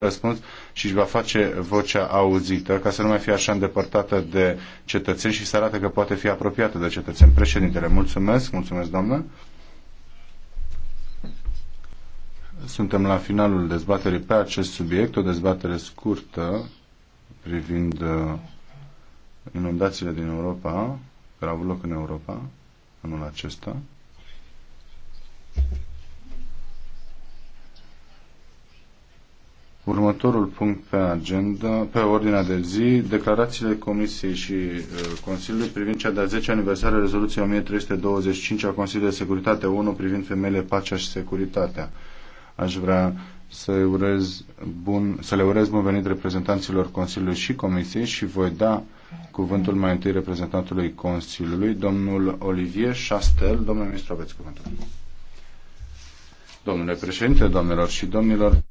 răspuns și își va face vocea auzită ca să nu mai fie așa îndepărtată de cetățeni și să arate că poate fi apropiată de cetățeni. Președintele, mulțumesc, mulțumesc doamnă. Suntem la finalul dezbaterii pe acest subiect, o dezbatere scurtă privind uh, inundațiile din Europa, care au avut loc în Europa anul acesta. Următorul punct pe agenda, pe ordinea de zi, declarațiile Comisiei și uh, Consiliului privind cea de-a 10 aniversare a rezoluției 1325 a Consiliului de Securitate 1 privind femeile, pacea și securitatea. Aș vrea să, urez bun, să le urez bun venit reprezentanților Consiliului și Comisiei și voi da cuvântul mai întâi reprezentantului Consiliului, domnul Olivier Chastel. Domnule ministru, aveți cuvântul. Domnule președinte, domnilor și domnilor,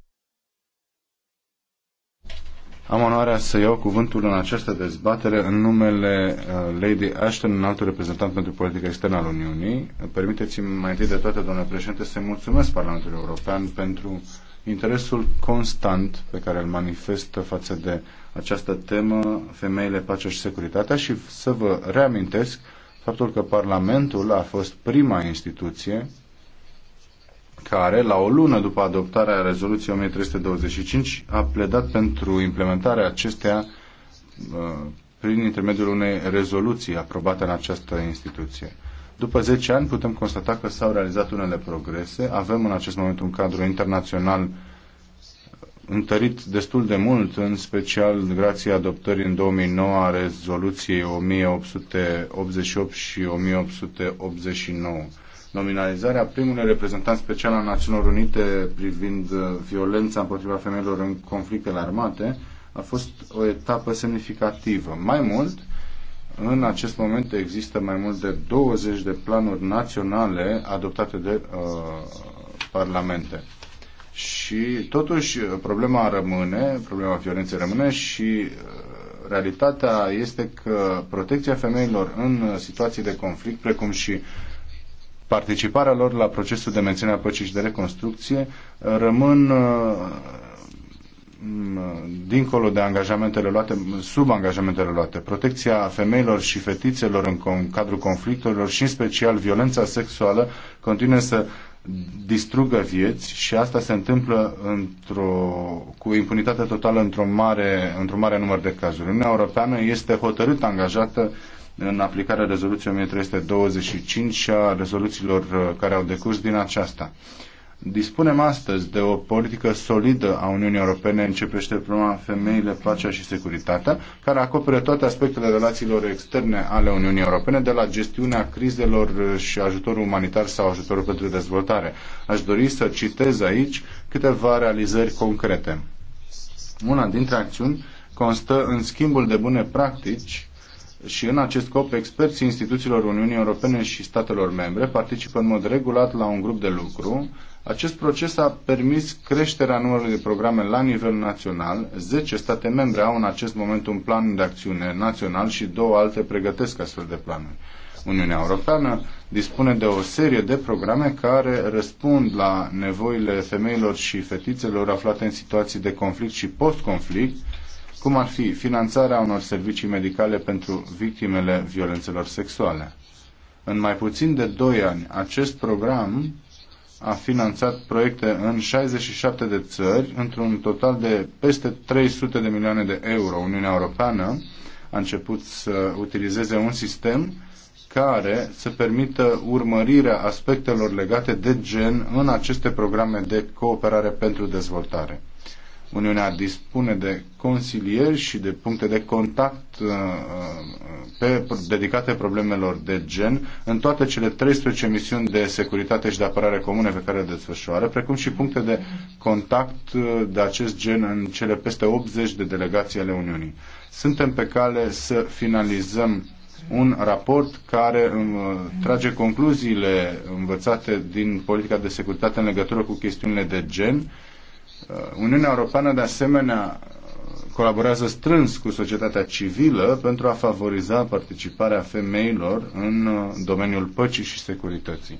am onoarea să iau cuvântul în această dezbatere în numele uh, Lady Ashton, un altul reprezentant pentru politica externă al Uniunii. Permiteți-mi mai întâi de toate, domnule președinte, să mulțumesc Parlamentului European pentru interesul constant pe care îl manifestă față de această temă, femeile, pacea și securitatea și să vă reamintesc faptul că Parlamentul a fost prima instituție care, la o lună după adoptarea rezoluției 1325, a pledat pentru implementarea acesteia uh, prin intermediul unei rezoluții aprobate în această instituție. După 10 ani putem constata că s-au realizat unele progrese. Avem în acest moment un cadru internațional întărit destul de mult, în special grație adoptării în 2009 a rezoluției 1888 și 1889 nominalizarea primului reprezentant special al Națiunilor Unite privind uh, violența împotriva femeilor în conflictele armate a fost o etapă semnificativă. Mai mult, în acest moment există mai mult de 20 de planuri naționale adoptate de uh, parlamente. Și totuși problema rămâne, problema violenței rămâne și uh, realitatea este că protecția femeilor în uh, situații de conflict, precum și participarea lor la procesul de menținere a păcii și de reconstrucție rămân uh, dincolo de angajamentele luate, sub angajamentele luate. Protecția femeilor și fetițelor în cadrul conflictelor și în special violența sexuală continuă să distrugă vieți și asta se întâmplă într-o, cu impunitate totală într-un mare, într-un mare număr de cazuri. Uniunea Europeană este hotărât angajată uh, în aplicarea rezoluției 1325 și a rezoluțiilor uh, care au decurs din aceasta. Dispunem astăzi de o politică solidă a Uniunii Europene în ce privește problema femeile, pacea și securitatea, care acoperă toate aspectele relațiilor externe ale Uniunii Europene, de la gestiunea crizelor uh, și ajutorul umanitar sau ajutorul pentru dezvoltare. Aș dori să citez aici câteva realizări concrete. Una dintre acțiuni constă în schimbul de bune practici și în acest scop experții instituțiilor Uniunii Europene și statelor membre participă în mod regulat la un grup de lucru. Acest proces a permis creșterea numărului de programe la nivel național. 10 state membre au în acest moment un plan de acțiune național și două alte pregătesc astfel de planuri. Uniunea Europeană dispune de o serie de programe care răspund la nevoile femeilor și fetițelor aflate în situații de conflict și post-conflict, cum ar fi finanțarea unor servicii medicale pentru victimele violențelor sexuale. În mai puțin de 2 ani, acest program a finanțat proiecte în 67 de țări, într-un total de peste 300 de milioane de euro. Uniunea Europeană a început să utilizeze un sistem care să permită urmărirea aspectelor legate de gen în aceste programe de cooperare pentru dezvoltare. Uniunea dispune de consilieri și de puncte de contact uh, uh, pe, dedicate problemelor de gen în toate cele 13 misiuni de securitate și de apărare comune pe care le desfășoară, precum și puncte de contact uh, de acest gen în cele peste 80 de delegații ale Uniunii. Suntem pe cale să finalizăm un raport care trage concluziile învățate din politica de securitate în legătură cu chestiunile de gen Uh, Uniunea Europeană, de asemenea, colaborează strâns cu societatea civilă pentru a favoriza participarea femeilor în uh, domeniul păcii și securității.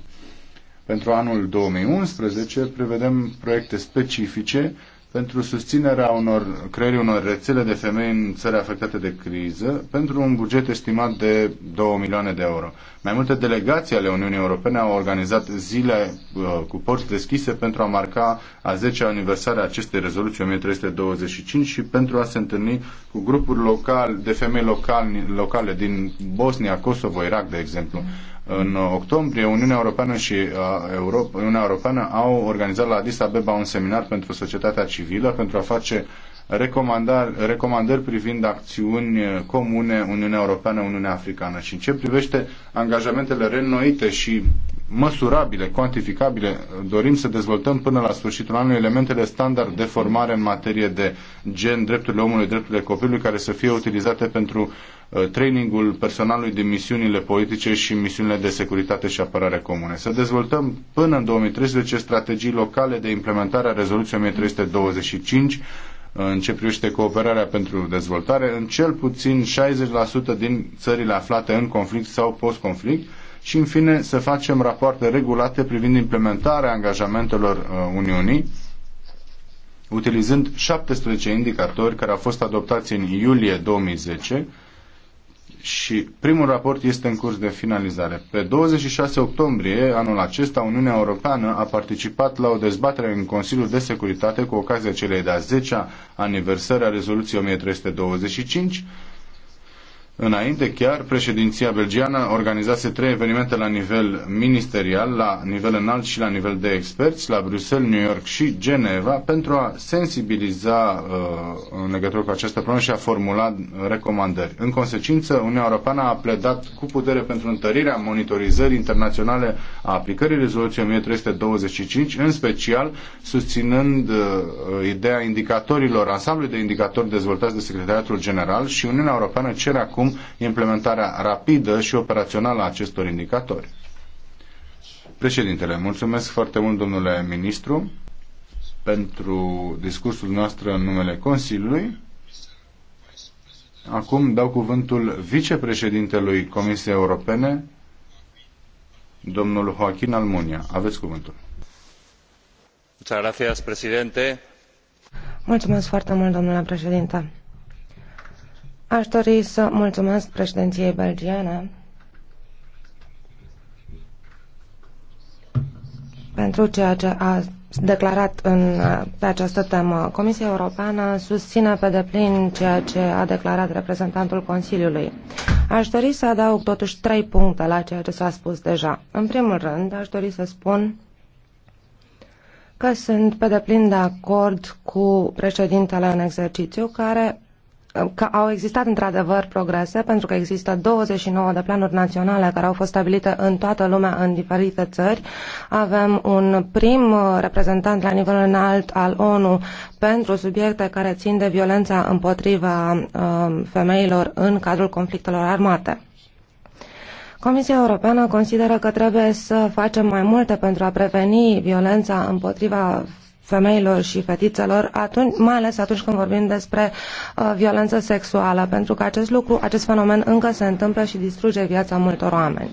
Pentru anul 2011 prevedem proiecte specifice pentru susținerea unor, creării unor rețele de femei în țări afectate de criză, pentru un buget estimat de 2 milioane de euro. Mai multe delegații ale Uniunii Europene au organizat zile uh, cu porți deschise pentru a marca a 10-a aniversare a acestei rezoluții 1325 și pentru a se întâlni cu grupuri locale de femei locali, locale din Bosnia, Kosovo, Irak, de exemplu. În octombrie, Uniunea Europeană și uh, Europa, Uniunea Europeană au organizat la Addis Abeba un seminar pentru societatea civilă pentru a face uh, recomandări, recomandări privind acțiuni eh, comune Uniunea Europeană, Uniunea Africană. Și în ce privește angajamentele reînnoite și măsurabile, cuantificabile, dorim să dezvoltăm până la sfârșitul anului elementele standard de formare în materie de gen, drepturile omului, drepturile copilului, care să fie utilizate pentru eh, trainingul personalului din misiunile politice și misiunile de securitate și apărare comune. Să dezvoltăm până în 2013 strategii locale de implementare a rezoluției 1325 în ce privește cooperarea pentru dezvoltare în cel puțin 60% din țările aflate în conflict sau post-conflict și, în fine, să facem rapoarte regulate privind implementarea angajamentelor uh, Uniunii utilizând 17 indicatori care au fost adoptați în iulie 2010 și primul raport este în curs de finalizare. Pe 26 octombrie anul acesta, Uniunea Europeană a participat la o dezbatere în Consiliul de Securitate cu ocazia celei de-a 10-a aniversări a rezoluției 1325 Înainte chiar, președinția belgiană organizase trei evenimente la nivel ministerial, la nivel înalt și la nivel de experți, la Bruxelles, New York și Geneva, pentru a sensibiliza uh, în legătură cu această problemă și a formula recomandări. În consecință, Uniunea Europeană a pledat cu putere pentru întărirea monitorizării internaționale a aplicării rezoluției 1325, în special susținând uh, ideea indicatorilor, ansamblului de indicatori dezvoltați de Secretariatul General și Uniunea Europeană cere acum acum implementarea rapidă și operațională a acestor indicatori. Președintele, mulțumesc foarte mult, domnule ministru, pentru discursul nostru în numele Consiliului. Acum dau cuvântul vicepreședintelui Comisiei Europene, domnul Joaquin Almunia. Aveți cuvântul. Mulțumesc foarte mult, domnule președinte Aș dori să mulțumesc președinției belgiene pentru ceea ce a declarat în, pe această temă. Comisia Europeană susține pe deplin ceea ce a declarat reprezentantul Consiliului. Aș dori să adaug totuși trei puncte la ceea ce s-a spus deja. În primul rând, aș dori să spun că sunt pe deplin de acord cu președintele în exercițiu care că au existat într-adevăr progrese, pentru că există 29 de planuri naționale care au fost stabilite în toată lumea, în diferite țări. Avem un prim reprezentant la nivel înalt al ONU pentru subiecte care țin de violența împotriva um, femeilor în cadrul conflictelor armate. Comisia Europeană consideră că trebuie să facem mai multe pentru a preveni violența împotriva femeilor și fetițelor, atunci, mai ales atunci când vorbim despre uh, violență sexuală, pentru că acest lucru, acest fenomen încă se întâmplă și distruge viața multor oameni.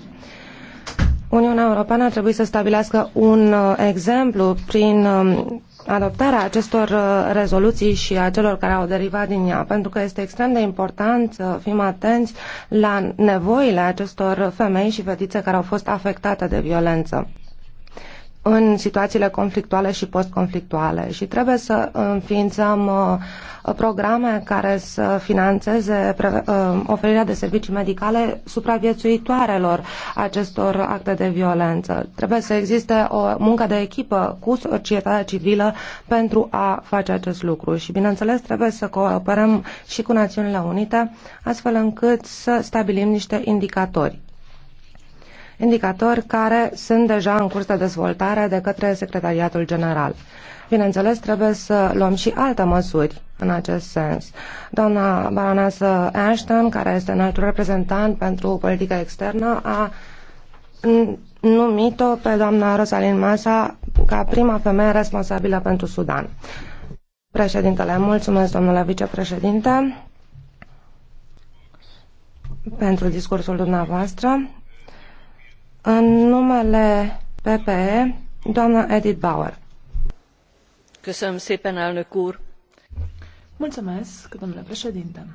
Uniunea Europeană ar trebui să stabilească un uh, exemplu prin uh, adoptarea acestor uh, rezoluții și a celor care au derivat din ea, pentru că este extrem de important să fim atenți la nevoile acestor femei și fetițe care au fost afectate de violență în situațiile conflictuale și postconflictuale și trebuie să înființăm uh, programe care să financeze uh, oferirea de servicii medicale supraviețuitoarelor acestor acte de violență. Trebuie să existe o muncă de echipă cu societatea civilă pentru a face acest lucru și, bineînțeles, trebuie să cooperăm și cu Națiunile Unite astfel încât să stabilim niște indicatori indicatori care sunt deja în curs de dezvoltare de către Secretariatul General. Bineînțeles, trebuie să luăm și alte măsuri în acest sens. Doamna baronesă Ashton, care este înaltul reprezentant pentru politică externă, a numit-o pe doamna Rosalind Masa ca prima femeie responsabilă pentru Sudan. Președintele, mulțumesc, domnule vicepreședinte, pentru discursul dumneavoastră. În numele PPE, doamna Edith Bauer. Köszönöm szépen, elnök úr! Mulțumesc, domnule președinte!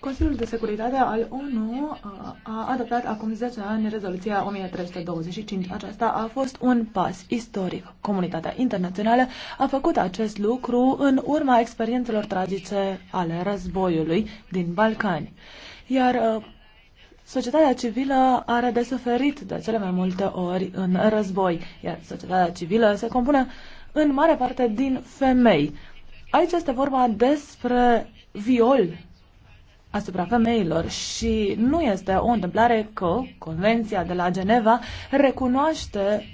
Consiliul de Securitate al ONU uh, a adoptat acum 10 ani rezoluția 1325. Aceasta a fost un pas istoric. Comunitatea internațională a făcut acest lucru în urma experiențelor tragice ale războiului din Balcani. Iar uh, Societatea civilă are de suferit de cele mai multe ori în război, iar societatea civilă se compune în mare parte din femei. Aici este vorba despre viol asupra femeilor și nu este o întâmplare că Convenția de la Geneva recunoaște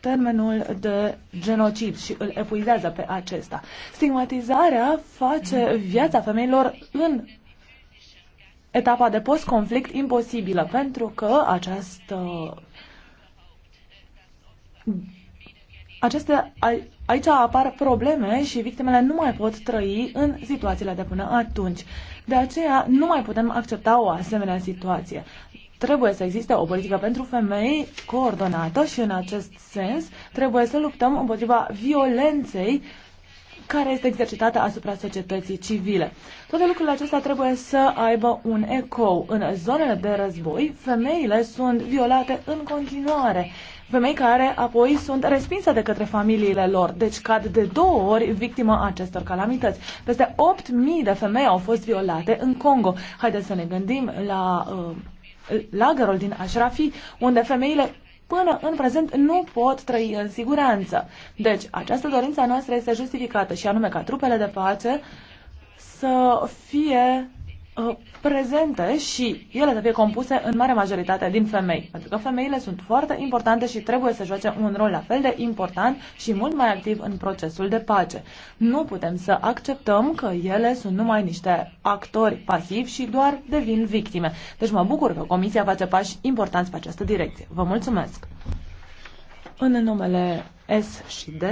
termenul de genocid și îl epuizează pe acesta. Stigmatizarea face viața femeilor în etapa de post-conflict imposibilă, pentru că această aceste, aici apar probleme și victimele nu mai pot trăi în situațiile de până atunci. De aceea nu mai putem accepta o asemenea situație. Trebuie să existe o politică pentru femei coordonată și în acest sens trebuie să luptăm împotriva violenței care este exercitată asupra societății civile. Toate lucrurile acestea trebuie să aibă un ecou. În zonele de război, femeile sunt violate în continuare. Femei care apoi sunt respinse de către familiile lor, deci cad de două ori victima acestor calamități. Peste 8.000 de femei au fost violate în Congo. Haideți să ne gândim la uh, lagărul din Ashrafi, unde femeile până în prezent nu pot trăi în siguranță. Deci, această dorință a noastră este justificată și anume ca trupele de pace să fie Uh, prezente și ele să fie compuse în mare majoritate din femei, pentru că femeile sunt foarte importante și trebuie să joace un rol la fel de important și mult mai activ în procesul de pace. Nu putem să acceptăm că ele sunt numai niște actori pasivi și doar devin victime. Deci mă bucur că Comisia face pași importanți pe această direcție. Vă mulțumesc! În numele S și D,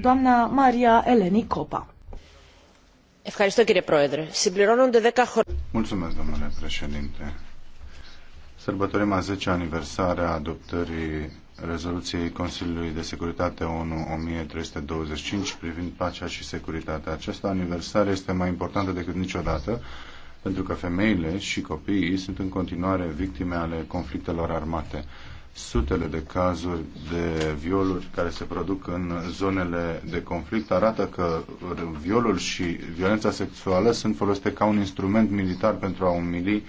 doamna Maria Eleni Copa. Mulțumesc, domnule președinte. Sărbătorim a 10-a aniversare a adoptării rezoluției Consiliului de Securitate ONU 1325 privind pacea și securitatea. Această aniversare este mai importantă decât niciodată pentru că femeile și copiii sunt în continuare victime ale conflictelor armate sutele de cazuri de violuri care se produc în zonele de conflict arată că violul și violența sexuală sunt folosite ca un instrument militar pentru a umili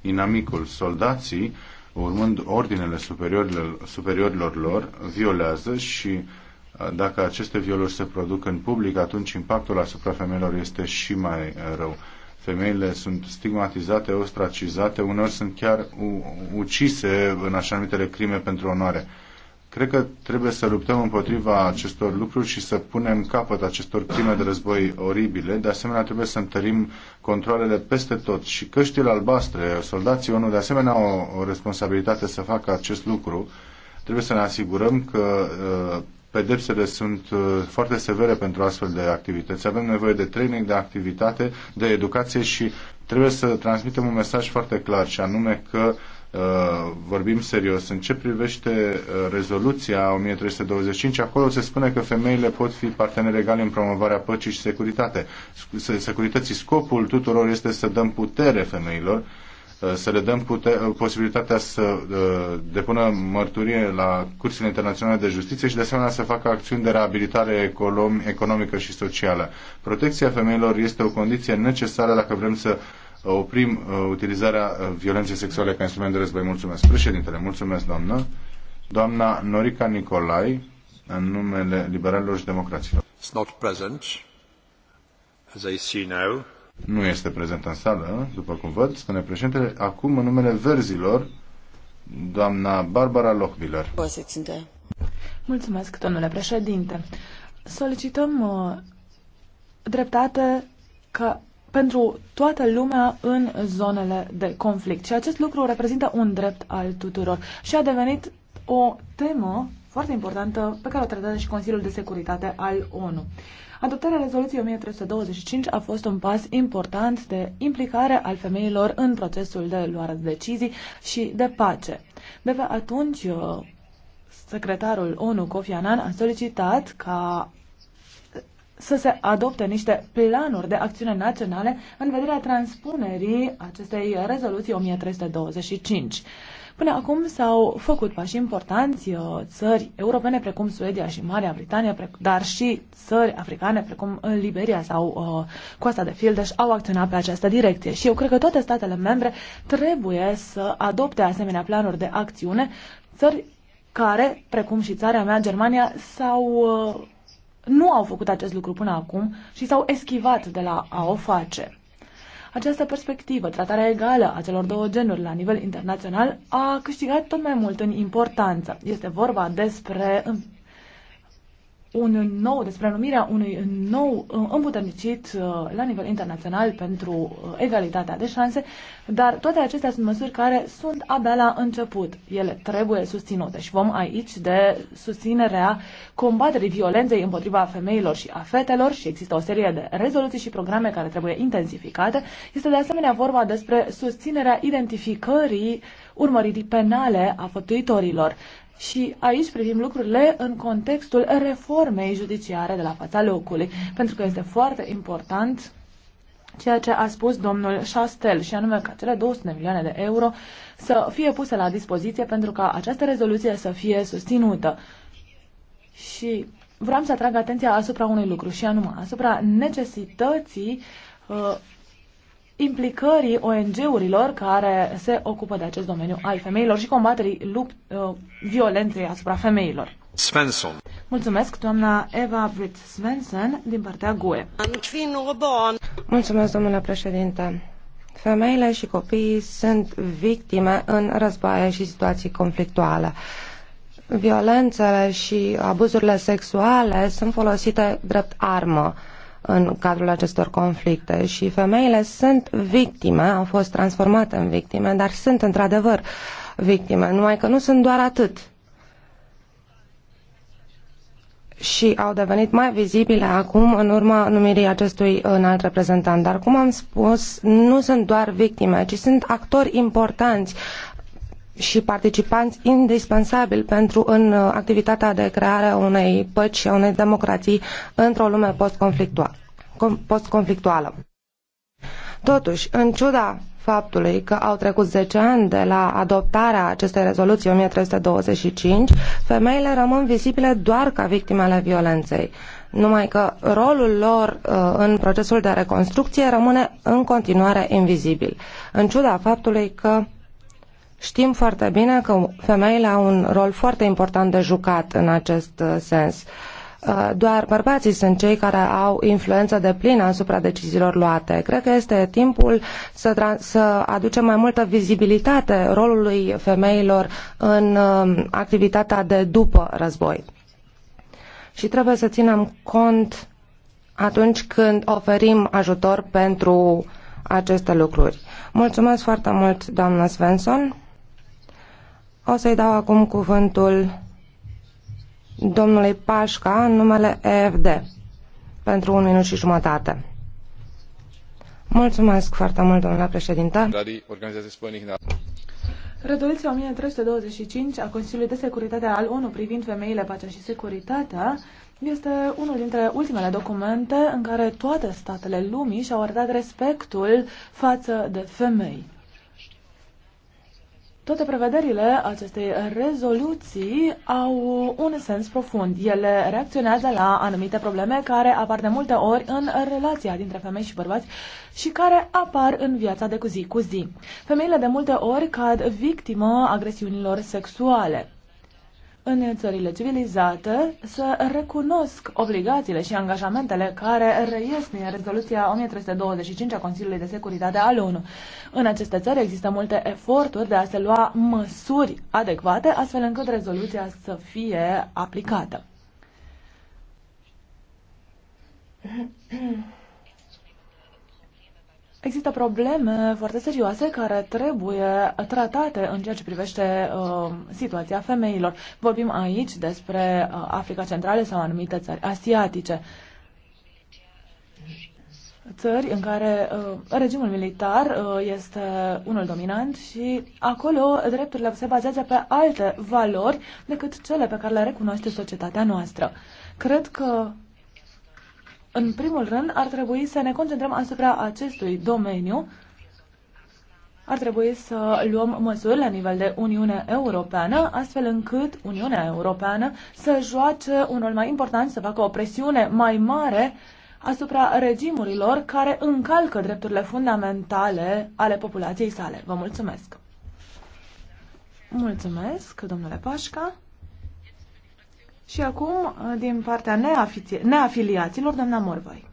inamicul. Soldații, urmând ordinele superiorilor, superiorilor lor, violează și uh, dacă aceste violuri se produc în public, atunci impactul asupra femeilor este și mai uh, rău femeile sunt stigmatizate, ostracizate, uneori sunt chiar ucise în așa numitele crime pentru onoare. Cred că trebuie să luptăm împotriva acestor lucruri și să punem capăt acestor crime de război oribile. De asemenea, trebuie să întărim controlele peste tot și căștile albastre, soldații ONU, de asemenea, au o responsabilitate să facă acest lucru. Trebuie să ne asigurăm că uh, pedepsele sunt uh, foarte severe pentru astfel de activități. Avem nevoie de training, de activitate, de educație și trebuie să transmitem un mesaj foarte clar și anume că Uh, vorbim serios. În ce privește uh, rezoluția 1325, acolo se spune că femeile pot fi parteneri egali în promovarea păcii și securitate. Securității scopul tuturor este să dăm putere femeilor Uh, să le dăm uh, posibilitatea să uh, depună mărturie la cursurile internaționale de justiție și de asemenea să facă acțiuni de reabilitare economică și socială. Protecția femeilor este o condiție necesară dacă vrem să oprim utilizarea violenței sexuale ca instrument de război. Mulțumesc, președintele. Mulțumesc, doamnă. Doamna Norica Nicolai, în numele liberalilor și democraților. It's not present, as I see now. Nu este prezent în sală, după cum văd, spune președintele. Acum, în numele verzilor, doamna Barbara Lochbiller. Mulțumesc, domnule președinte. Solicităm uh, dreptate ca pentru toată lumea în zonele de conflict. Și acest lucru reprezintă un drept al tuturor și a devenit o temă foarte importantă pe care o tratează și Consiliul de Securitate al ONU. Adoptarea rezoluției 1325 a fost un pas important de implicare al femeilor în procesul de luare de decizii și de pace. De pe atunci, uh, secretarul ONU Kofi Annan a solicitat ca să se adopte niște planuri de acțiune naționale în vederea transpunerii acestei rezoluții 1325. Până acum s-au făcut pași importanți, uh, țări europene precum Suedia și Marea Britanie, dar și țări africane precum uh, Liberia sau uh, Coasta de Fildeș au acționat pe această direcție și eu cred că toate statele membre trebuie să adopte asemenea planuri de acțiune, țări care, precum și țara mea, Germania, s-au uh, nu au făcut acest lucru până acum și s-au eschivat de la a o face. Această perspectivă, tratarea egală a celor două genuri la nivel internațional, a câștigat tot mai mult în importanță. Este vorba despre un nou, despre numirea unui nou uh, îmbuternicit uh, la nivel internațional pentru uh, egalitatea de șanse, dar toate acestea sunt măsuri care sunt abia la început. Ele trebuie susținute și vom aici de susținerea combaterii violenței împotriva femeilor și a fetelor și există o serie de rezoluții și programe care trebuie intensificate. Este de asemenea vorba despre susținerea identificării urmăririi penale a făptuitorilor. Și aici privim lucrurile în contextul reformei judiciare de la fața locului, pentru că este foarte important ceea ce a spus domnul Chastel, și anume că cele 200 de milioane de euro să fie puse la dispoziție pentru ca această rezoluție să fie susținută. Și vreau să atrag atenția asupra unui lucru, și anume asupra necesității uh, implicării ONG-urilor care se ocupă de acest domeniu al femeilor și combaterii lupt, uh, violenței asupra femeilor. Svensson. Mulțumesc, doamna Eva Britt Svensson, din partea GUE. Mulțumesc, domnule președinte. Femeile și copiii sunt victime în războaie și situații conflictuale violențele și abuzurile sexuale sunt folosite drept armă în cadrul acestor conflicte și femeile sunt victime, au fost transformate în victime, dar sunt într-adevăr victime, numai că nu sunt doar atât. Și au devenit mai vizibile acum în urma numirii acestui înalt reprezentant. Dar, cum am spus, nu sunt doar victime, ci sunt actori importanți și participanți indispensabili pentru în uh, activitatea de creare a unei păci și a unei democrații într-o lume postconflictuală postconflictuală. Totuși, în ciuda faptului că au trecut 10 ani de la adoptarea acestei rezoluții 1325, femeile rămân vizibile doar ca victime ale violenței. Numai că rolul lor uh, în procesul de reconstrucție rămâne în continuare invizibil. În ciuda faptului că Știm foarte bine că femeile au un rol foarte important de jucat în acest uh, sens. Uh, Uh, doar bărbații sunt cei care au influență de plină asupra deciziilor luate. Cred că este timpul să, să aducem mai multă vizibilitate rolului femeilor în um, activitatea de după război. Și trebuie să ținem cont atunci când oferim ajutor pentru aceste lucruri. Mulțumesc foarte mult, doamna Svensson. O să-i dau acum cuvântul domnului Pașca în numele EFD pentru un minut și jumătate. Mulțumesc foarte mult, domnule președinte. Rezoluția 1325 a Consiliului de Securitate al ONU privind femeile, pacea și securitatea este unul dintre ultimele documente în care toate statele lumii și-au arătat respectul față de femei. Toate prevederile acestei rezoluții au un sens profund. Ele reacționează la anumite probleme care apar de multe ori în relația dintre femei și bărbați și care apar în viața de cu zi cu zi. Femeile de multe ori cad victimă agresiunilor sexuale în țările civilizate să recunosc obligațiile și angajamentele care reies din rezoluția 1325 a Consiliului de Securitate al ONU. În aceste țări există multe eforturi de a se lua măsuri adecvate astfel încât rezoluția să fie aplicată. Există probleme foarte serioase care trebuie tratate în ceea ce privește uh, situația femeilor. Vorbim aici despre uh, Africa Centrală sau anumite țări asiatice. Țări în care uh, regimul militar uh, este unul dominant și acolo drepturile se bazează pe alte valori decât cele pe care le recunoaște societatea noastră. Cred că în primul rând, ar trebui să ne concentrăm asupra acestui domeniu. Ar trebui să luăm măsuri la nivel de Uniune Europeană, astfel încât Uniunea Europeană să joace un rol mai important, să facă o presiune mai mare asupra regimurilor care încalcă drepturile fundamentale ale populației sale. Vă mulțumesc! Mulțumesc, domnule Pașca! Și acum, din partea neafiliaților, doamna Morvai.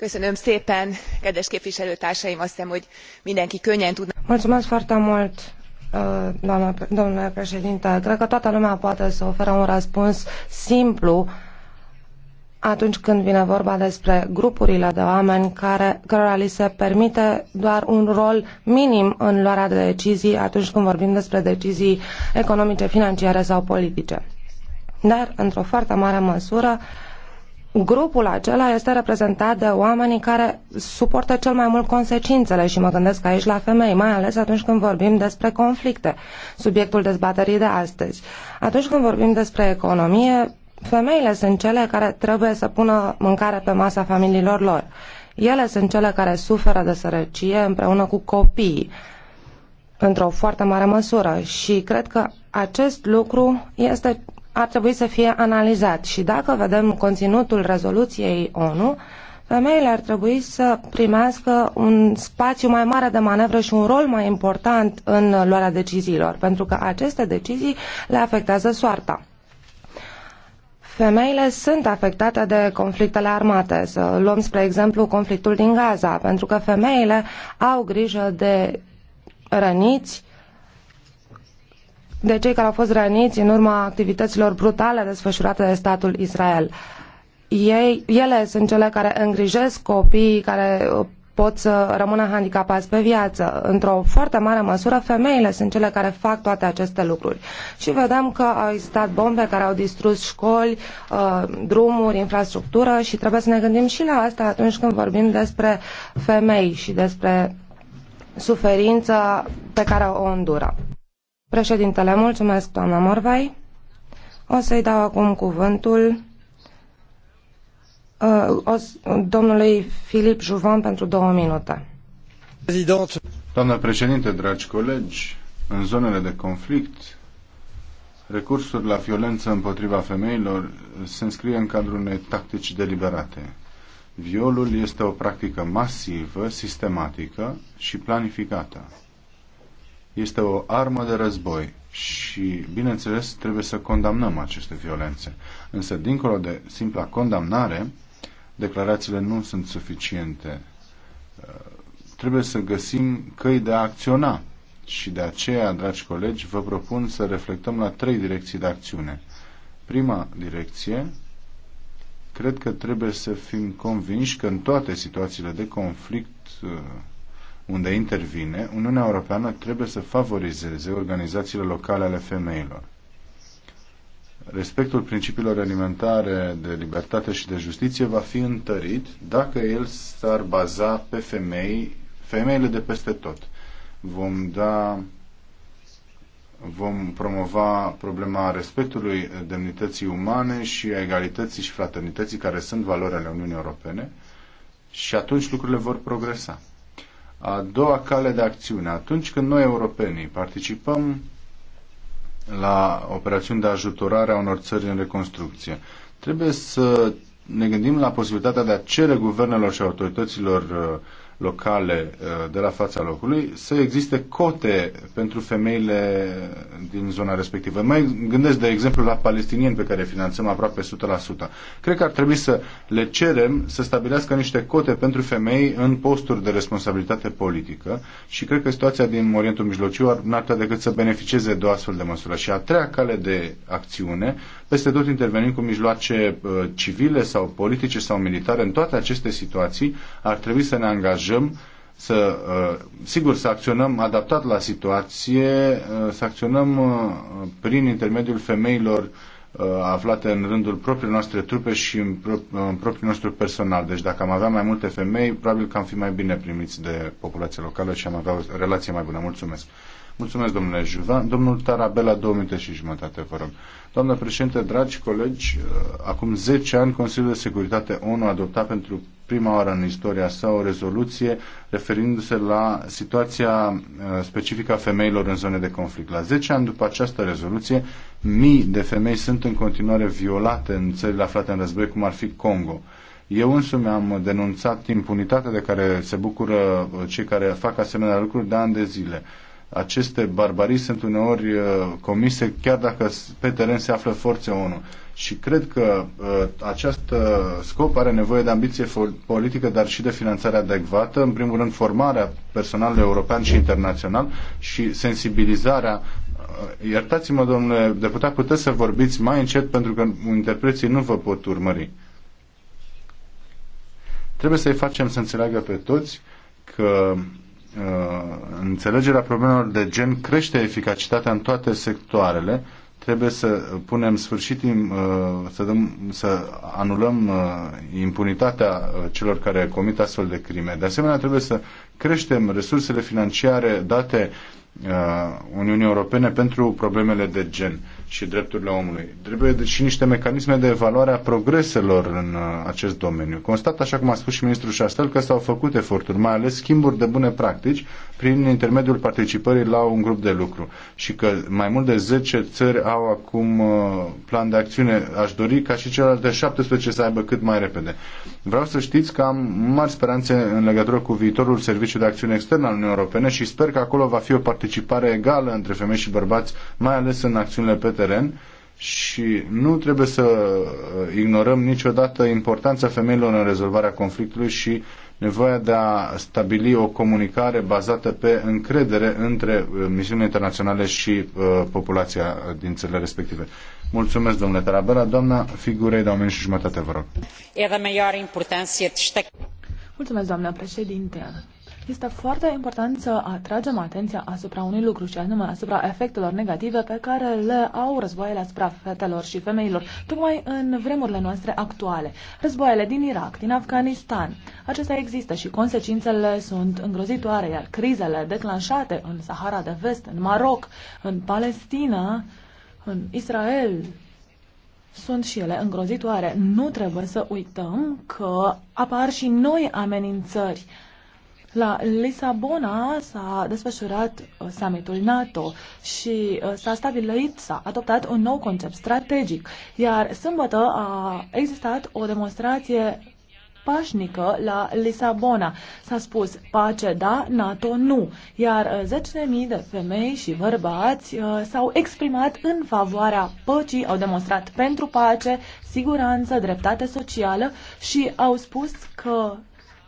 Köszönöm szépen, kedves képviselőtársaim, azt hiszem, hogy mindenki könnyen tudna. Mulțumesc foarte mult, uh, doamna, domnule președinte. Cred că toată lumea poate să oferă un răspuns simplu atunci când vine vorba despre grupurile de oameni care, cărora li se permite doar un rol minim în luarea de decizii atunci când vorbim despre decizii economice, financiare sau politice dar într-o foarte mare măsură grupul acela este reprezentat de oamenii care suportă cel mai mult consecințele și mă gândesc aici la femei, mai ales atunci când vorbim despre conflicte, subiectul dezbaterii de astăzi. Atunci când vorbim despre economie, femeile sunt cele care trebuie să pună mâncare pe masa familiilor lor. Ele sunt cele care suferă de sărăcie împreună cu copiii într-o foarte mare măsură și cred că acest lucru este ar trebui să fie analizat și dacă vedem conținutul rezoluției ONU, femeile ar trebui să primească un spațiu mai mare de manevră și un rol mai important în luarea deciziilor, pentru că aceste decizii le afectează soarta. Femeile sunt afectate de conflictele armate. Să luăm, spre exemplu, conflictul din Gaza, pentru că femeile au grijă de răniți, de cei care au fost răniți în urma activităților brutale desfășurate de statul Israel. Ei, ele sunt cele care îngrijesc copiii care uh, pot să rămână handicapați pe viață. Într-o foarte mare măsură, femeile sunt cele care fac toate aceste lucruri. Și vedem că au existat bombe care au distrus școli, uh, drumuri, infrastructură și trebuie să ne gândim și la asta atunci când vorbim despre femei și despre suferința pe care o îndură. Președintele, mulțumesc, doamna Morvai. O să-i dau acum cuvântul uh, o, domnului Filip Juvan pentru două minute. Doamna președinte, dragi colegi, în zonele de conflict, recursul la violență împotriva femeilor se înscrie în cadrul unei tactici deliberate. Violul este o practică masivă, sistematică și planificată este o armă de război și, bineînțeles, trebuie să condamnăm aceste violențe. Însă, dincolo de simpla condamnare, declarațiile nu sunt suficiente. Uh, trebuie să găsim căi de a acționa și de aceea, dragi colegi, vă propun să reflectăm la trei direcții de acțiune. Prima direcție, cred că trebuie să fim convinși că în toate situațiile de conflict uh, unde intervine, Uniunea Europeană trebuie să favorizeze organizațiile locale ale femeilor. Respectul principiilor alimentare de libertate și de justiție va fi întărit dacă el s-ar baza pe femei, femeile de peste tot. Vom da vom promova problema respectului demnității umane și a egalității și fraternității care sunt valori ale Uniunii Europene și atunci lucrurile vor progresa a doua cale de acțiune. Atunci când noi, europenii, participăm la operațiuni de ajutorare a unor țări în reconstrucție, trebuie să ne gândim la posibilitatea de a cere guvernelor și autorităților uh, locale uh, de la fața locului, să existe cote pentru femeile din zona respectivă. Mai gândesc, de exemplu, la palestinieni pe care finanțăm aproape 100%. Cred că ar trebui să le cerem să stabilească niște cote pentru femei în posturi de responsabilitate politică și cred că situația din Orientul Mijlociu ar n-ar decât să beneficieze de o astfel de măsură. Și a treia cale de acțiune, peste tot intervenim cu mijloace uh, civile sau politice sau militare în toate aceste situații, ar trebui să ne angajăm încurajăm să, uh, sigur, să acționăm adaptat la situație, uh, să acționăm uh, prin intermediul femeilor aflate în rândul propriilor noastre trupe și în, pro, în propriul nostru personal. Deci dacă am avea mai multe femei, probabil că am fi mai bine primiți de populația locală și am avea o relație mai bună. Mulțumesc! Mulțumesc, domnule Juvan. Domnul Tarabela, două minute și jumătate, vă rog. Doamnă președinte, dragi colegi, acum 10 ani Consiliul de Securitate ONU a adoptat pentru prima oară în istoria sa o rezoluție referindu-se la situația uh, specifică a femeilor în zone de conflict. La 10 ani după această rezoluție, mii de femei sunt în continuare violate în țările aflate în război, cum ar fi Congo. Eu însumi am denunțat impunitatea de care se bucură uh, cei care fac asemenea lucruri de ani de zile aceste barbarii sunt uneori uh, comise chiar dacă pe teren se află forțe ONU. Și cred că uh, acest scop are nevoie de ambiție politică, dar și de finanțare adecvată, în primul rând formarea personalului european și internațional și sensibilizarea uh, Iertați-mă, domnule deputat, puteți să vorbiți mai încet pentru că interpreții nu vă pot urmări. Trebuie să-i facem să înțeleagă pe toți că Uh, înțelegerea problemelor de gen crește eficacitatea în toate sectoarele. Trebuie să punem sfârșit, uh, să, dăm, să anulăm uh, impunitatea celor care comit astfel de crime. De asemenea, trebuie să creștem resursele financiare date Uniunii Europene pentru problemele de gen și drepturile omului. Trebuie deci, și niște mecanisme de evaluare a progreselor în uh, acest domeniu. Constat, așa cum a spus și ministrul Șastel, că s-au făcut eforturi, mai ales schimburi de bune practici prin intermediul participării la un grup de lucru și că mai mult de 10 țări au acum uh, plan de acțiune. Aș dori ca și celelalte 17 să aibă cât mai repede. Vreau să știți că am mari speranțe în legătură cu viitorul Serviciu de Acțiune Externă al Uniunii Europene și sper că acolo va fi o participare egală între femei și bărbați, mai ales în acțiunile pe teren și nu trebuie să uh, ignorăm niciodată importanța femeilor în rezolvarea conflictului și nevoia de a stabili o comunicare bazată pe încredere între uh, misiunile internaționale și uh, populația din țările respective. Mulțumesc, domnule Tarabela. Doamna Figurei, doamne și jumătate, vă rog. Mulțumesc, doamna președinte. Este foarte important să atragem atenția asupra unui lucru și anume asupra efectelor negative pe care le au războaiele asupra fetelor și femeilor, tocmai în vremurile noastre actuale. Războaiele din Irak, din Afganistan, acestea există și consecințele sunt îngrozitoare, iar crizele declanșate în Sahara de Vest, în Maroc, în Palestina, în Israel, sunt și ele îngrozitoare. Nu trebuie să uităm că apar și noi amenințări la Lisabona s-a desfășurat uh, summitul NATO și uh, s-a stabilit, s-a adoptat un nou concept strategic, iar sâmbătă a existat o demonstrație pașnică la Lisabona. S-a spus pace da, NATO nu, iar uh, mii de femei și bărbați s-au exprimat în favoarea păcii, au demonstrat pentru pace, siguranță, dreptate socială și au spus că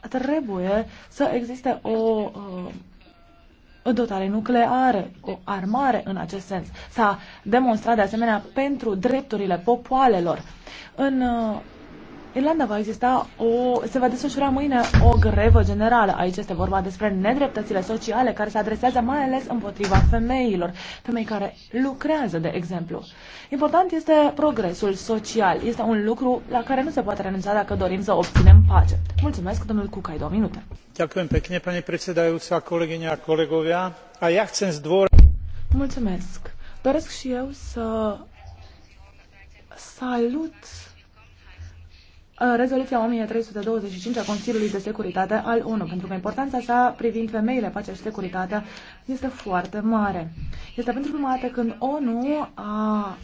trebuie să existe o uh, dotare nucleară, o armare în acest sens. S-a demonstrat de asemenea pentru drepturile popoalelor. În uh, Irlanda va exista o, se va desfășura mâine o grevă generală. Aici este vorba despre nedreptățile sociale care se adresează mai ales împotriva femeilor, femei care lucrează, de exemplu. Important este progresul social. Este un lucru la care nu se poate renunța dacă dorim să obținem pace. Mulțumesc, domnul Cucai, două minute. Mulțumesc, pekne, pani predsedajúca, kolegyne a kolegovia. A ja chcem zdvor... Mulțumesc. Doresc și eu să salut Uh, rezoluția 1325 a Consiliului de Securitate al ONU, pentru că importanța sa privind femeile, pacea și securitatea este foarte mare. Este pentru prima dată când ONU a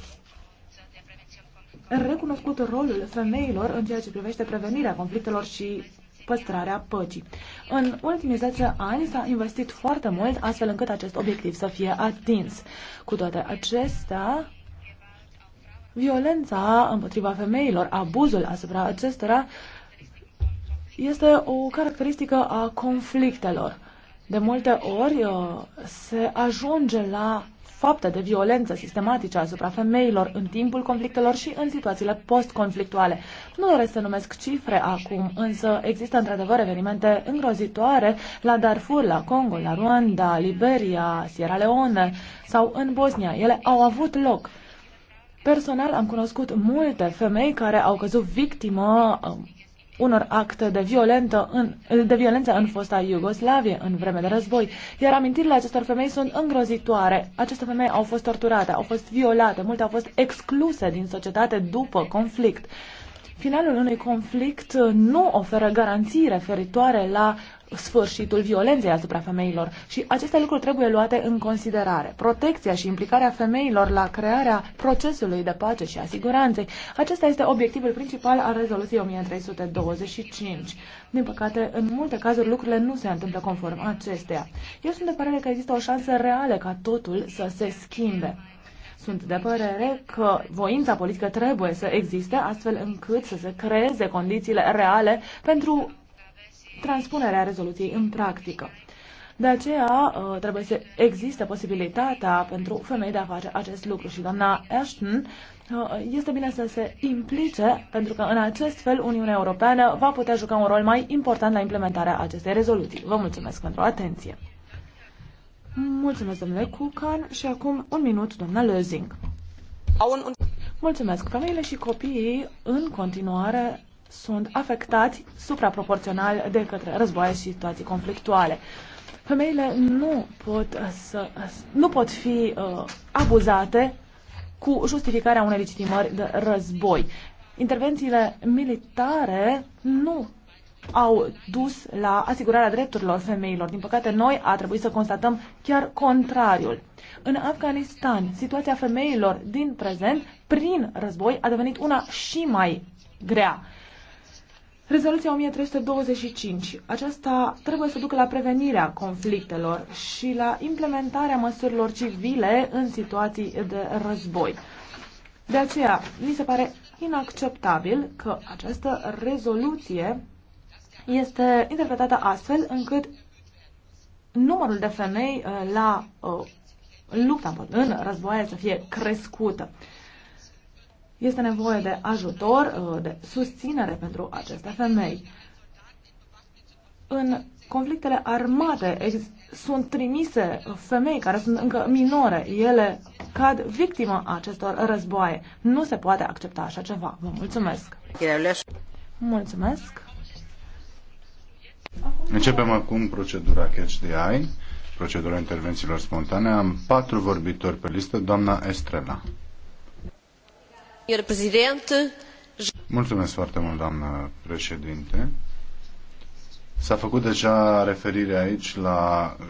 recunoscut rolul femeilor în ceea ce privește prevenirea conflictelor și păstrarea păcii. În ultimii 10 ani s-a investit foarte mult astfel încât acest obiectiv să fie atins. Cu toate acestea, Violența împotriva femeilor, abuzul asupra acestora, este o caracteristică a conflictelor. De multe ori uh, se ajunge la fapte de violență sistematice asupra femeilor în timpul conflictelor și în situațiile post-conflictuale. Nu doresc să numesc cifre acum, însă există într-adevăr evenimente îngrozitoare la Darfur, la Congo, la Rwanda, Liberia, Sierra Leone sau în Bosnia. Ele au avut loc. Personal am cunoscut multe femei care au căzut victimă um, unor acte de, violentă în, de violență în fosta Iugoslavie în vreme de război, iar amintirile acestor femei sunt îngrozitoare. Aceste femei au fost torturate, au fost violate, multe au fost excluse din societate după conflict. Finalul unui conflict uh, nu oferă garanții referitoare la sfârșitul violenței asupra femeilor și aceste lucruri trebuie luate în considerare. Protecția și implicarea femeilor la crearea procesului de pace și a siguranței, acesta este obiectivul principal al rezoluției 1325. Din păcate, în multe cazuri lucrurile nu se întâmplă conform acesteia. Eu sunt de părere că există o șansă reală ca totul să se schimbe. Sunt de părere că voința politică trebuie să existe astfel încât să se creeze condițiile reale pentru transpunerea rezoluției în practică. De aceea uh, trebuie să existe posibilitatea pentru femei de a face acest lucru și doamna Ashton uh, este bine să se implice pentru că în acest fel Uniunea Europeană va putea juca un rol mai important la implementarea acestei rezoluții. Vă mulțumesc pentru atenție! Mulțumesc, domnule Cucan. Și acum un minut, doamna Lözing. Mulțumesc. Femeile și copiii în continuare sunt afectați supraproporțional de către războaie și situații conflictuale. Femeile nu pot, să, nu pot fi uh, abuzate cu justificarea unei legitimări de război. Intervențiile militare nu au dus la asigurarea drepturilor femeilor. Din păcate, noi a trebuit să constatăm chiar contrariul. În Afganistan, situația femeilor din prezent, prin război, a devenit una și mai grea. Rezoluția 1325. Aceasta trebuie să ducă la prevenirea conflictelor și la implementarea măsurilor civile în situații de război. De aceea, mi se pare inacceptabil că această rezoluție este interpretată astfel încât numărul de femei uh, la uh, lupta în războaie să fie crescută. Este nevoie de ajutor, uh, de susținere pentru aceste femei. În conflictele armate sunt trimise femei care sunt încă minore. Ele cad victima acestor războaie. Nu se poate accepta așa ceva. Vă mulțumesc! Mulțumesc! Începem acum procedura Catch the Eye, procedura intervențiilor spontane. Am patru vorbitori pe listă. Doamna Estrela. Mulțumesc foarte mult, doamnă președinte. S-a făcut deja referire aici la uh,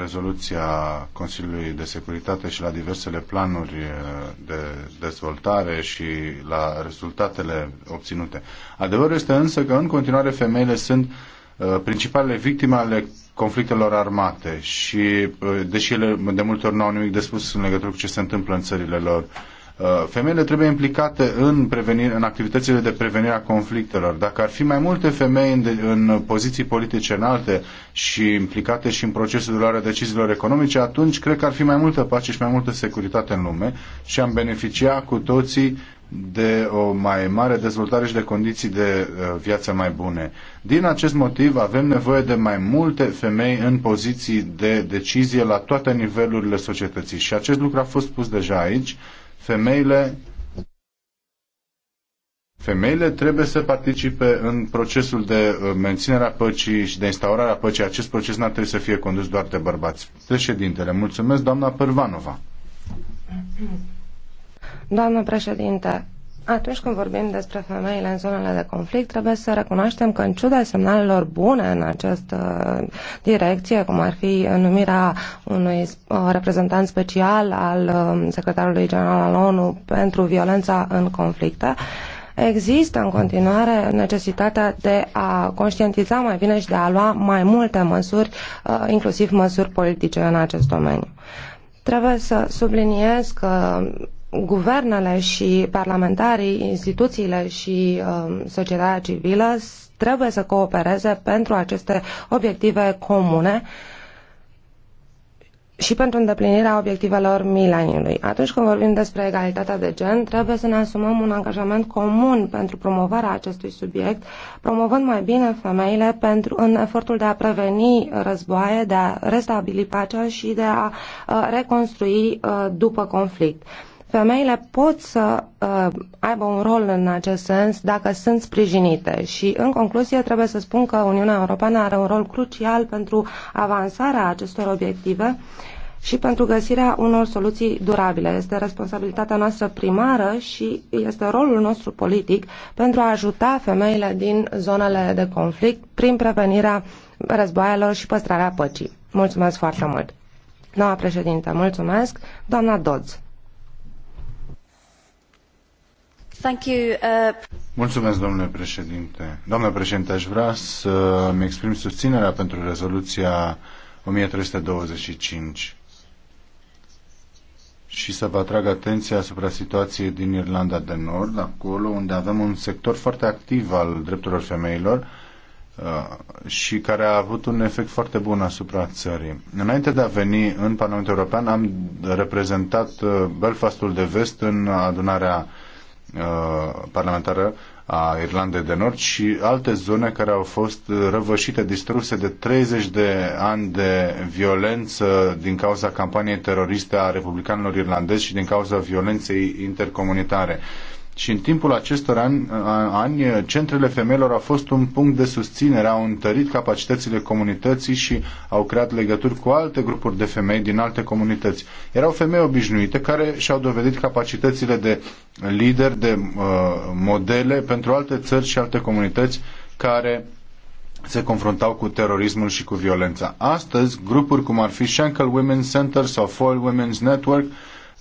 rezoluția Consiliului de Securitate și la diversele planuri uh, de dezvoltare și la rezultatele obținute. Adevărul este însă că în continuare femeile sunt Uh, principalele victime ale conflictelor armate și uh, deși ele de multe ori nu au nimic de spus în legătură cu ce se întâmplă în țările lor, Uh, femeile trebuie implicate în, prevenire, în activitățile de prevenire a conflictelor. Dacă ar fi mai multe femei în, în poziții politice înalte și implicate și în procesul de luare deciziilor economice, atunci cred că ar fi mai multă pace și mai multă securitate în lume și am beneficia cu toții de o mai mare dezvoltare și de condiții de uh, viață mai bune. Din acest motiv avem nevoie de mai multe femei în poziții de decizie la toate nivelurile societății și acest lucru a fost pus deja aici femeile femeile trebuie să participe în procesul de uh, menținere a păcii și de instaurarea păcii. Acest proces nu trebuie să fie condus doar de bărbați. Președintele, mulțumesc, doamna Pârvanova. Doamna președinte, atunci când vorbim despre femeile în zonele de conflict, trebuie să recunoaștem că în ciuda semnalelor bune în această direcție, cum ar fi numirea unui uh, reprezentant special al um, secretarului general al ONU pentru violența în conflicte, Există în continuare necesitatea de a conștientiza mai bine și de a lua mai multe măsuri, uh, inclusiv măsuri politice în acest domeniu. Trebuie să subliniez că guvernele și parlamentarii, instituțiile și um, societatea civilă trebuie să coopereze pentru aceste obiective comune și pentru îndeplinirea obiectivelor mileniului. Atunci când vorbim despre egalitatea de gen, trebuie să ne asumăm un angajament comun pentru promovarea acestui subiect, promovând mai bine femeile pentru, în efortul de a preveni războaie, de a restabili pacea și de a uh, reconstrui uh, după conflict. Femeile pot să uh, aibă un rol în acest sens dacă sunt sprijinite și, în concluzie, trebuie să spun că Uniunea Europeană are un rol crucial pentru avansarea acestor obiective și pentru găsirea unor soluții durabile. Este responsabilitatea noastră primară și este rolul nostru politic pentru a ajuta femeile din zonele de conflict prin prevenirea războaielor și păstrarea păcii. Mulțumesc foarte mult! Doamna președinte, mulțumesc. Doamna Dodds. Uh, Mulțumesc, domnule președinte. Domnule președinte, aș vrea să-mi exprim susținerea pentru rezoluția 1325 și să vă atrag atenția asupra situației din Irlanda de Nord, acolo unde avem un sector foarte activ al drepturilor femeilor uh, și care a avut un efect foarte bun asupra țării. Înainte de a veni în Parlamentul European, am reprezentat uh, Belfastul de Vest în adunarea Uh, parlamentară a Irlandei de Nord și alte zone care au fost răvășite, distruse de 30 de ani de violență din cauza campaniei teroriste a republicanilor irlandezi și din cauza violenței intercomunitare. Uh, și în timpul acestor ani, ani, centrele femeilor au fost un punct de susținere, au întărit capacitățile comunității și au creat legături cu alte grupuri de femei din alte comunități. Erau femei obișnuite care și-au dovedit capacitățile de lider, de uh, modele pentru alte țări și alte comunități care se confruntau cu terorismul și cu violența. Astăzi, grupuri cum ar fi Shankle Women's Center sau Foil Women's Network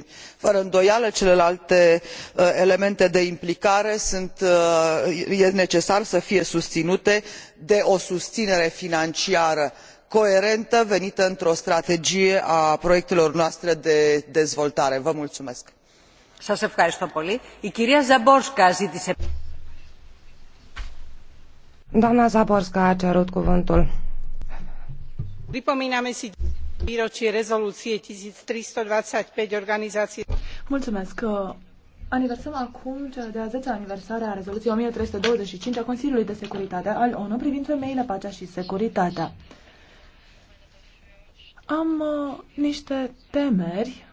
chestiuni. fără îndoială celelalte uh, elemente de implicare este uh, necesar să fie susinute de o susinere financiară coerentă venită într o strategie a proiectelor noastre de dezvoltare. vă a cerut cuvântul. Výročie rezolúcie 1325 organizácie... Mulțumesc! Uh, aniversăm acum cea de-a 10 aniversare a rezoluției 1325 a Consiliului de Securitate al ONU privind femeile, pacea și securitatea. Am uh, niște temeri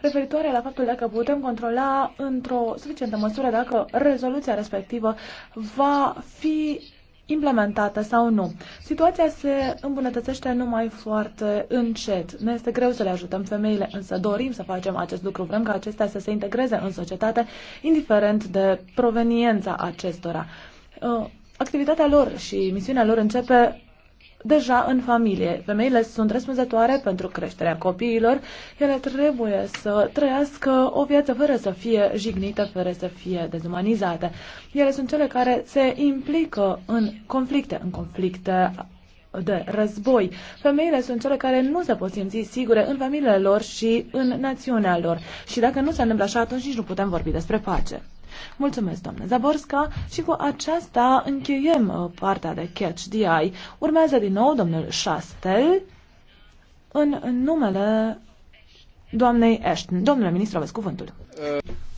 referitoare la faptul dacă putem controla într-o suficientă măsură dacă rezoluția respectivă va fi implementată sau nu. Situația se îmbunătățește numai foarte încet. Ne este greu să le ajutăm femeile, însă dorim să facem acest lucru. Vrem ca acestea să se integreze în societate, indiferent de proveniența acestora. Uh, activitatea lor și misiunea lor începe deja în familie. Femeile sunt răspunzătoare pentru creșterea copiilor, ele trebuie să trăiască o viață fără să fie jignită, fără să fie dezumanizate. Ele sunt cele care se implică în conflicte, în conflicte de război. Femeile sunt cele care nu se pot simți sigure în familiile lor și în națiunea lor. Și dacă nu se întâmplă așa, atunci nici nu putem vorbi despre pace. Mulțumesc, doamne Zaborska, și cu aceasta încheiem uh, partea de Catch the Eye. Urmează din nou domnul Șastel în numele doamnei Ashton. Domnule ministru, aveți cuvântul.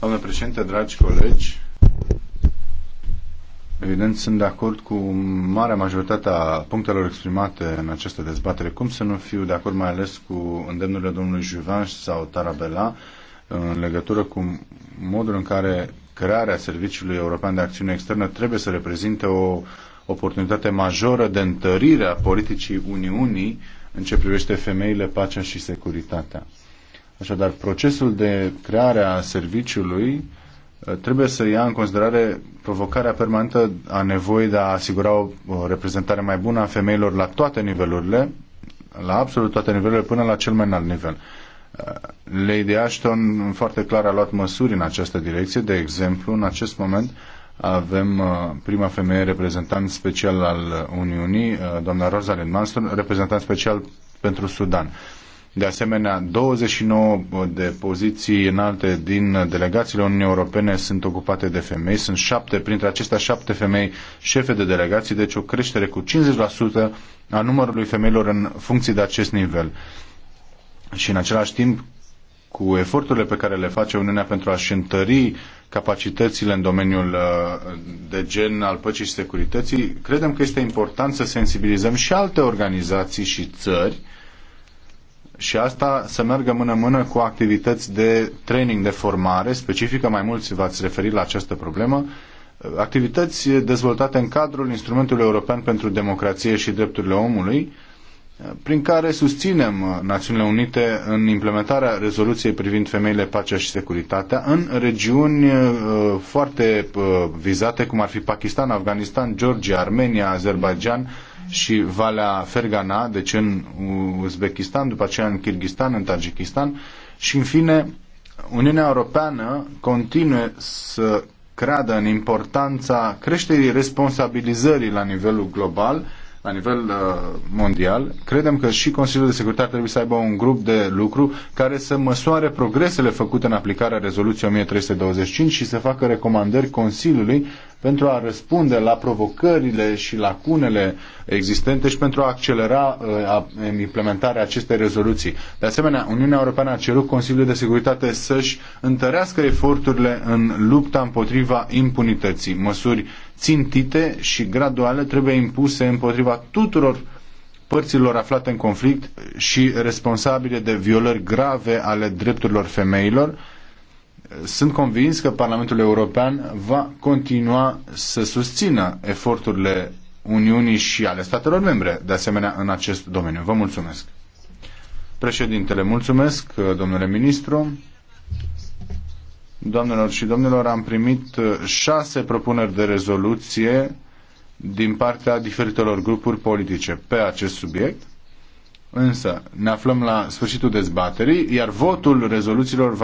Doamne președinte, dragi colegi, Evident, sunt de acord cu marea majoritate a punctelor exprimate în această dezbatere. Cum să nu fiu de acord mai ales cu îndemnurile domnului Juvan sau Tarabela în legătură cu modul în care crearea Serviciului European de Acțiune Externă trebuie să reprezinte o oportunitate majoră de întărire a politicii Uniunii în ce privește femeile, pacea și securitatea. Așadar, procesul de creare a serviciului uh, trebuie să ia în considerare provocarea permanentă a nevoii de a asigura o reprezentare mai bună a femeilor la toate nivelurile, la absolut toate nivelurile, până la cel mai înalt nivel. Uh, Lady Ashton foarte clar a luat măsuri în această direcție. De exemplu, în acest moment avem uh, prima femeie reprezentant special al Uniunii, uh, doamna Rosalind Manston, reprezentant special pentru Sudan. De asemenea, 29 de poziții înalte din delegațiile Uniunii Europene sunt ocupate de femei. Sunt șapte, printre acestea șapte femei șefe de delegații, deci o creștere cu 50% a numărului femeilor în funcții de acest nivel. Uh, și în același timp cu eforturile pe care le face Uniunea pentru a-și întări capacitățile în domeniul uh, de gen al păcii și securității, credem că este important să sensibilizăm și alte organizații și țări și asta să meargă mână-mână cu activități de training, de formare specifică, mai mulți v-ați referit la această problemă, activități dezvoltate în cadrul instrumentului european pentru democrație și drepturile omului, prin care susținem uh, Națiunile Unite în implementarea rezoluției privind femeile, pacea și securitatea în regiuni uh, foarte uh, vizate, cum ar fi Pakistan, Afganistan, Georgia, Armenia, Azerbaijan și Valea Fergana, deci în Uzbekistan, după aceea în Kirghistan, în Tajikistan și, în fine, Uniunea Europeană continuă să creadă în importanța creșterii responsabilizării la nivelul global la nivel uh, mondial, credem că și Consiliul de Securitate trebuie să aibă un grup de lucru care să măsoare progresele făcute în aplicarea rezoluției 1325 și să facă recomandări Consiliului pentru a răspunde la provocările și lacunele existente și pentru a accelera uh, implementarea acestei rezoluții. De asemenea, Uniunea Europeană a cerut Consiliul de Securitate să-și întărească eforturile în lupta împotriva impunității. Măsuri țintite și graduale trebuie impuse împotriva tuturor părților aflate în conflict și responsabile de violări grave ale drepturilor femeilor, sunt convins că Parlamentul European va continua să susțină eforturile Uniunii și ale statelor membre, de asemenea, în acest domeniu. Vă mulțumesc. Președintele, mulțumesc, domnule ministru. Doamnelor și domnilor, am primit șase propuneri de rezoluție din partea diferitelor grupuri politice pe acest subiect. Însă, ne aflăm la sfârșitul dezbaterii, iar votul rezoluțiilor va